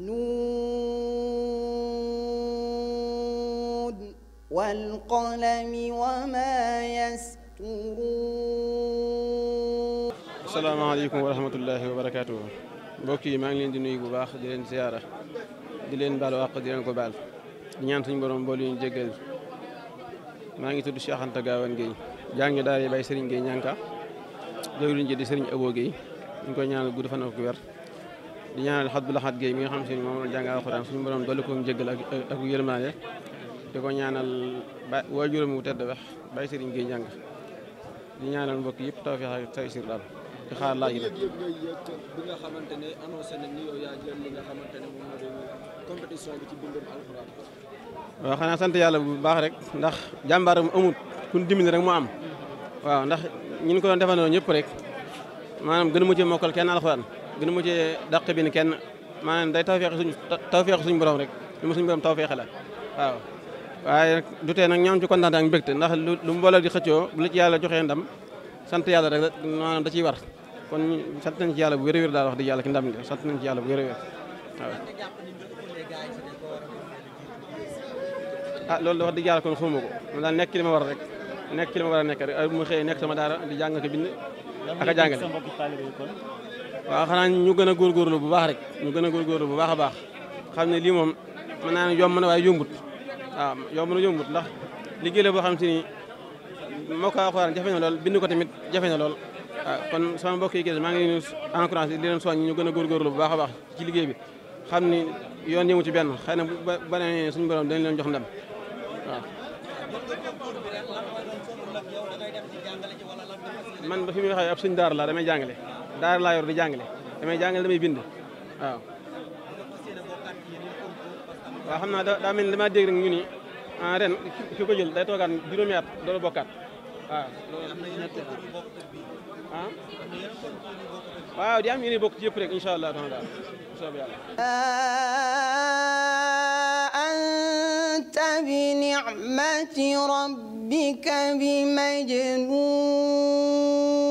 wa والقلم وما يسترون السلام عليكم ورحمة الله وبركاته mbokk yi maa ngi leen di nuyu bu baax di leen ziyaara di leen baal wàq di leen ko baal di ñaan suñu borom boolu ñu jéggal maa ngi tudd Cheikh Anta Gawane Gueye jàngi daara bay Serigne Gueye ñànka jawriñ ji di Serigne Abo Gueye ñu koy ñaanal gudd fan ak wér di ñaanal Abdou Lahad Guèye mi nga xam si ne moom la jàng alxuraan suñu borom dolli ko njëggal ak ak yërmaande di ko ñaanal ba waajuram wu tedd wax yëpp tawfeex ak taysir daal di xaar xanaa sant yàlla bu baax rek ndax jàmbaaram amut kun dimbali rek mu am waaw ndax ñi ko doon defandoo ñëpp rek maanaam gën mu ci mokkal kenn alxuraan gënu ma cee dàq bi ni kenn maanaam day tawfeex taw tawfeex suñ borom rek lu ma suñu borom tawfeexe la waaw waaye nag du tee nag ñoom ndax kontaan ak mbégte ndax lu mbooloo di xëccoo bu la ci yàlla joxee ndam sant yàlla rek maanaam da ciy war kon sant nañ ci yàlla bu wér yàlla ci ndam li nañ ci bu wér wér waaw ah loolu wax dëgg yàlla kon xawma ko ma daal nekk li ma war rek nekk war a nekk rek mu xëy nekk sama daara di jàng ko bind ak a jàngale waaw xanaa ñu gën a góorgóorlu bu baax rek ñu gën a góorgóorlu bu baax a baax xam ne lii moom mën naa ne yomb na waaye yombut waaw yomb na yombut ndax liggéey la boo xam te ni moo ko alxuraan jafe na lool bind ko tamit jafe na lool waaw kon sama mbokk yi maa ngi leen encouragé di leen soññ ñu gën a góorgóorlu bu baax baax ci liggéey bi xam ni yoon yëngu ci benn xëy na bu banee suñu borom dañ leen jox ndam waaw man ba fi muy waxee suñ daar la damay jàngale daara laa di jàngale damay jàngale damay bind waaw. waaw xam naa daa mel ni damaa dégg rek ñu ni ah, ren ki at doo bokkaat waaw. ah. di am yéen a bokk ci yëpp rek incha allah taala soob bi ni'mati rabbika bi majnun